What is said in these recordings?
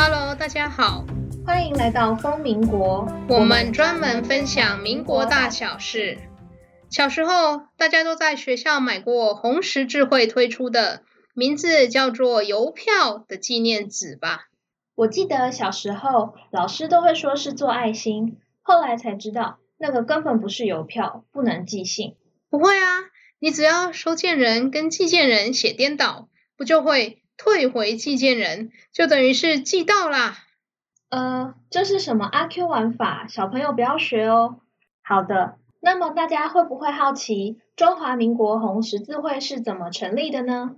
Hello，大家好，歡迎來到瘋民國。我們專門分享民國，民國大小事。小時候，大家都在學校買過紅十字會推出的名字叫做郵票的紀念紙吧？我記得小時候老師都會說是做愛心，後來才知道那個根本不是郵票，不能寄信。不會啊，你只要收件人跟寄件人寫顛倒，不就會？退回寄件人，就等於是寄到啦。呃，這是什麼阿 Q 玩法？小朋友不要學哦。好的，那麼大家會不會好奇中華民國紅十字會是怎麼成立的呢？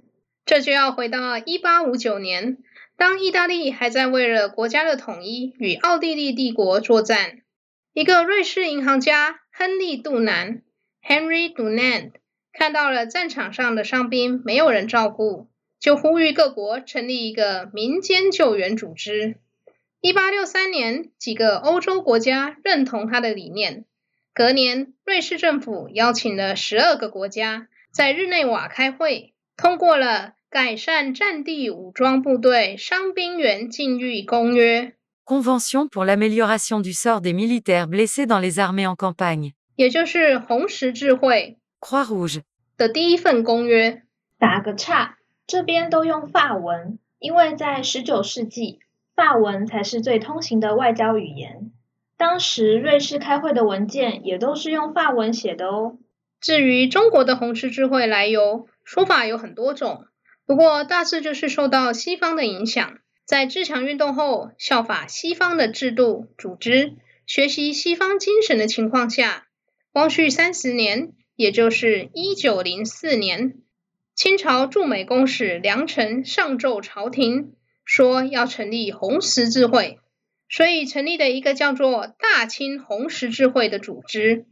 這就要回到一八五九年，當意大利還在為了國家的統一與奧地利帝國作戰，一個瑞士銀行家亨利杜南 （Henry Dunant） 看到了戰場上的傷兵沒有人照顧。就呼籲各國成立一個民間救援組織。一八六三年，幾個歐洲國家認同他的理念。隔年，瑞士政府邀請了十二個國家在日內瓦開會，通過了改善戰地武裝部隊傷兵員境遇公約 （Convention pour l'amélioration du sort des militaires blessés dans les armées en campagne）。也就是紅十字會 （Croix Rouge） 的第一份公約。打個岔。這邊都用法文，因為在十九世紀，法文才是最通行的外交語言。當時瑞士開會的文件也都是用法文寫的哦。至於中國的紅十字會來由，說法有很多種，不過大致就是受到西方的影響，在自強運動後效法西方的制度、組織、學習西方精神的情況下，光緒三十年，也就是一九零四年。清朝駐美公使梁誠上奏朝廷，說要成立紅十字會，所以成立了一個叫做“大清紅十字會”的組織。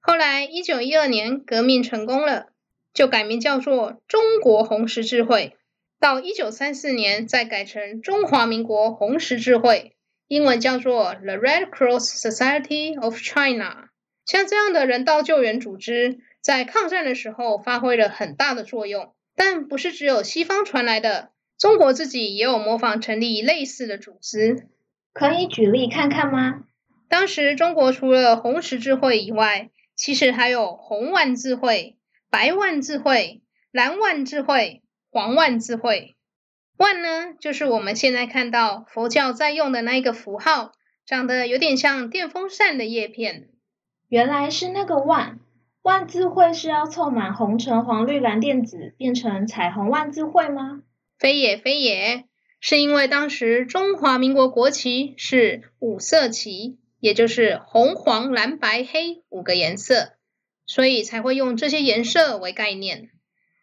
後來，一九一二年革命成功了，就改名叫做“中國紅十字會”。到一九三四年，再改成“中華民國紅十字會”，英文叫做 “The Red Cross Society of China”。像這樣的人道救援組織，在抗戰的時候發揮了很大的作用。但不是只有西方傳來的，中國自己也有模仿成立類似的組織，可以舉例看看嗎？當時中國除了紅十字會以外，其實還有紅卍字會、白卍字會、藍卍字會、黃卍字會。萬呢，就是我們現在看到佛教在用的那一個符號，長得有點像電風扇的葉片，原來是那個萬。卍字會是要湊滿紅橙黃綠藍靛紫變成彩虹卍字會嗎？非也非也，是因為當時中華民國國旗是五色旗，也就是紅黃藍白黑五個顏色，所以才會用這些顏色為概念。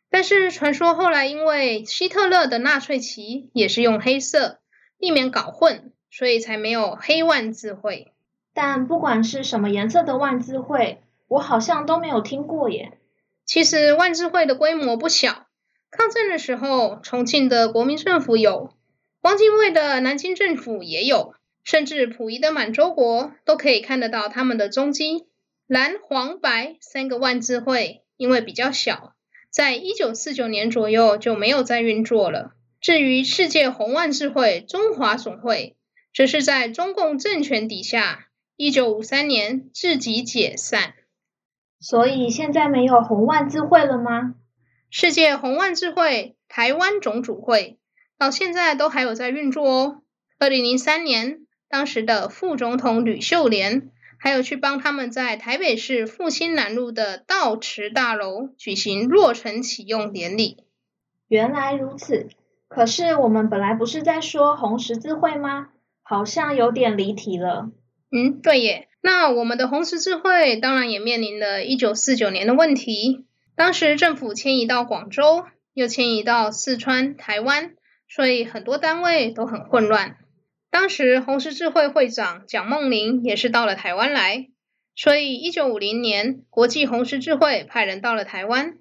但是傳說後來因為希特勒的納粹旗也是用黑色，避免搞混，所以才沒有黑卍字會。但不管是什麼顏色的卍字會。我好像都沒有聽過耶。其實卍字會的規模不小，抗戰的時候，重慶的國民政府有，汪精衛的南京政府也有，甚至溥儀的滿洲國都可以看得到他們的蹤跡。藍、黃、白三個卍字會因為比較小，在一九四九年左右就沒有再運作了。至於世界紅卍字會中華總會，則是在中共政權底下，一九五三年自己解散。所以現在沒有紅卍字會了嗎？世界紅卍字會台灣總主會到現在都還有在運作哦。二零零三年，當時的副總統呂秀蓮還有去幫他們在台北市復興南路的道慈大樓舉行落成啟用典禮。原來如此，可是我們本來不是在說紅十字會嗎？好像有點離題了。嗯，對耶。那我們的紅十字會當然也面臨了1949年的問題，當時政府遷移到廣州，又遷移到四川、臺灣，所以很多單位都很混亂。當時紅十字會會長蔣夢麟也是到了臺灣來，所以1950年國際紅十字會派人到了臺灣，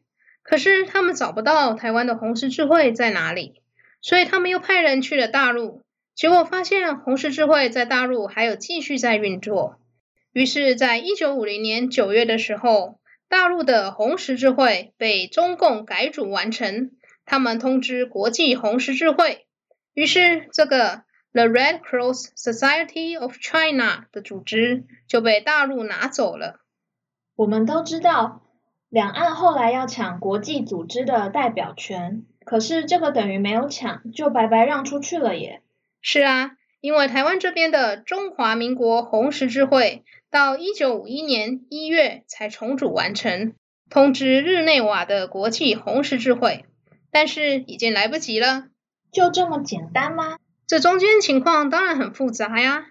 可是他們找不到臺灣的紅十字會在哪裡，所以他們又派人去了大陸，結果發現紅十字會在大陸還有繼續在運作。於是，在一九五零年九月的時候，大陸的紅十字會被中共改組完成。他們通知國際紅十字會，於是這個 The Red Cross Society of China 的組織就被大陸拿走了。我們都知道，兩岸後來要搶國際組織的代表權，可是這個等於沒有搶，就白白讓出去了耶。也是啊，因為台灣這邊的中華民國紅十字會。到一九五一年一月才重組完成，通知日內瓦的國際紅十字會，但是已經來不及了。就這麼簡單嗎？這中間情況當然很複雜呀。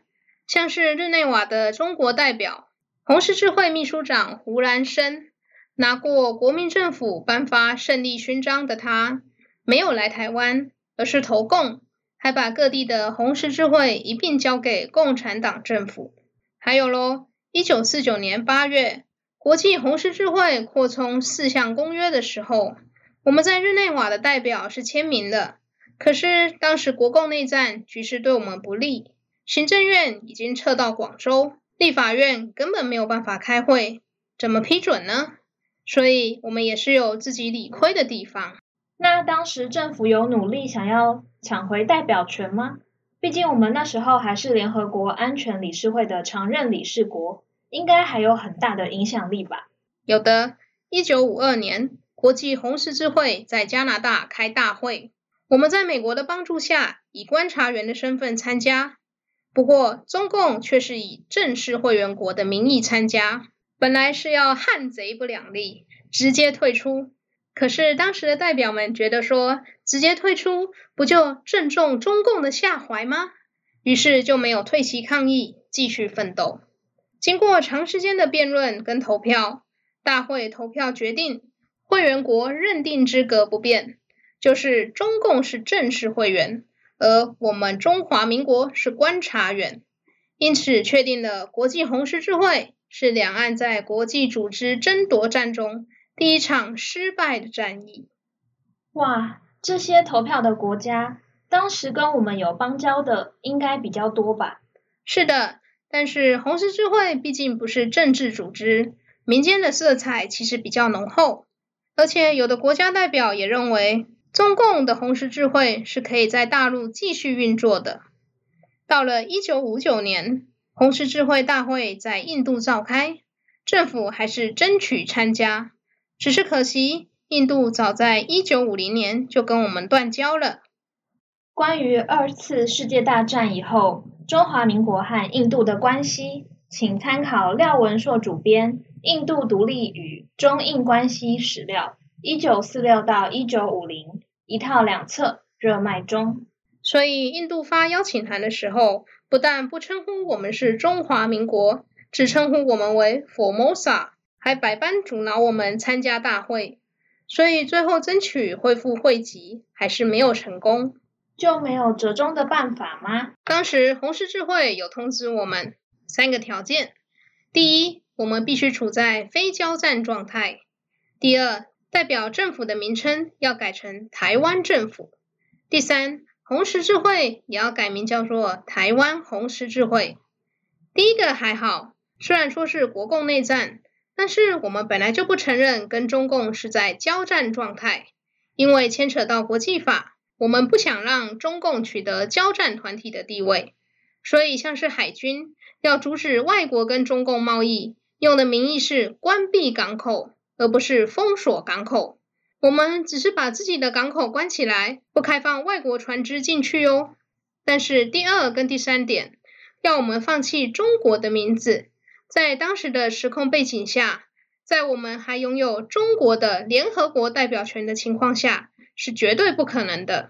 像是日內瓦的中國代表，紅十字會秘書長胡蘭生，拿過國民政府頒發勝利勳章的他，沒有來臺灣，而是投共，還把各地的紅十字會一併交給共產黨政府。還有嘍。一九四九年八月，國際紅十字會擴充四項公約的時候，我們在日內瓦的代表是簽名的。可是當時國共內戰局勢對我們不利，行政院已經撤到廣州，立法院根本沒有辦法開會，怎麼批准呢？所以我們也是有自己理虧的地方。那當時政府有努力想要搶回代表權嗎？畢竟我們那時候還是聯合國安全理事會的常任理事國，應該還有很大的影響力吧？有的。一九五二年，國際紅十字會在加拿大開大會，我們在美國的幫助下以觀察員的身份參加。不過，中共卻是以正式會員國的名義參加。本來是要漢賊不兩立，直接退出。可是當時的代表們覺得說，直接退出不就正中中共的下懷嗎？於是就沒有退席抗議，繼續奮鬥。經過長時間的辯論跟投票，大會投票決定，會員國認定資格不變，就是中共是正式會員，而我們中華民國是觀察員。因此確定了國際紅十字會是兩岸在國際組織爭奪戰中，第一場失敗的戰役。哇，這些投票的國家，當時跟我們有邦交的應該比較多吧？是的，但是紅十字會畢竟不是政治組織，民間的色彩其實比較濃厚。而且有的國家代表也認為，中共的紅十字會是可以在大陸繼續運作的。到了一九五九年，紅十字會大會在印度召開，政府還是爭取參加。只是可惜，印度早在一九五零年就跟我們斷交了。關於二次世界大戰以後中華民國和印度的關係，請參考廖文碩主編《印度獨立與中印關係史料（一九四六到一九五零）》一套兩冊熱賣中。所以，印度發邀請函的時候，不但不稱呼我們是中華民國，只稱呼我們為 Formosa。還百般阻撓我們參加大會，所以最後爭取恢復會籍還是沒有成功。就沒有折中的辦法嗎？當時紅十字會有通知我們三個條件：第一，我們必須處在非交戰狀態；第二，代表政府的名稱要改成台灣政府；第三，紅十字會也要改名叫做台灣紅十字會。第一個還好，雖然說是國共內戰，但是我們本來就不承認跟中共是在交戰狀態，因為牽扯到國際法，我們不想讓中共取得交戰團體的地位，所以像是海軍要阻止外國跟中共貿易，用的名義是關閉港口，而不是封鎖港口。我們只是把自己的港口關起來，不開放外國船隻進去喲、哦。但是第二跟第三點，要我們放棄中國的名字。在當時的時空背景下，在我們還擁有中國的聯合國代表權的情況下，是絕對不可能的。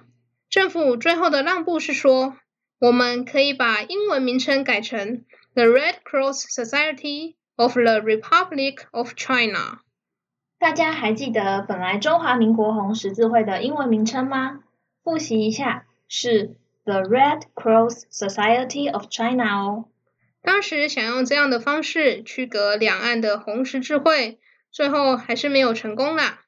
政府最後的讓步是說，我們可以把英文名稱改成 The Red Cross Society of the Republic of China。大家還記得本來中華民國紅十字會的英文名稱嗎？復習一下，是 The Red Cross Society of China 哦。當時想用這樣的方式區隔兩岸的紅十字會，最後還是沒有成功啦。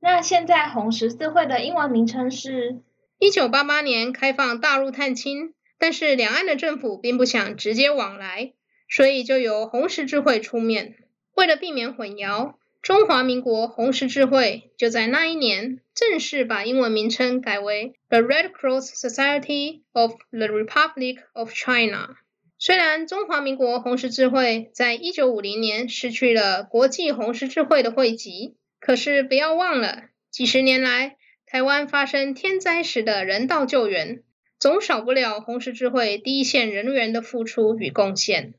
那現在紅十字會的英文名稱是？一九八八年開放大陸探親，但是兩岸的政府並不想直接往來，所以就由紅十字會出面。為了避免混淆，中華民國紅十字會就在那一年正式把英文名稱改為 The Red Cross Society of the Republic of China。雖然中華民國紅十字會在一九五零年失去了國際紅十字會的會籍，可是不要忘了，幾十年來台灣發生天災時的人道救援，總少不了紅十字會第一線人員的付出與貢獻。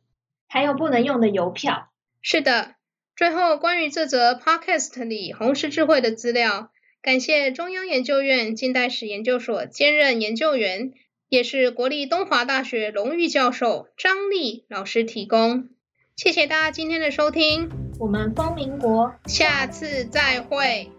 還有不能用的郵票。是的，最後關於這則 Podcast 裡紅十字會的資料，感謝中央研究院近代史研究所兼任研究員。也是國立東華大學榮譽教授張力老師提供，謝謝大家今天的收聽，我們瘋民國下次再會。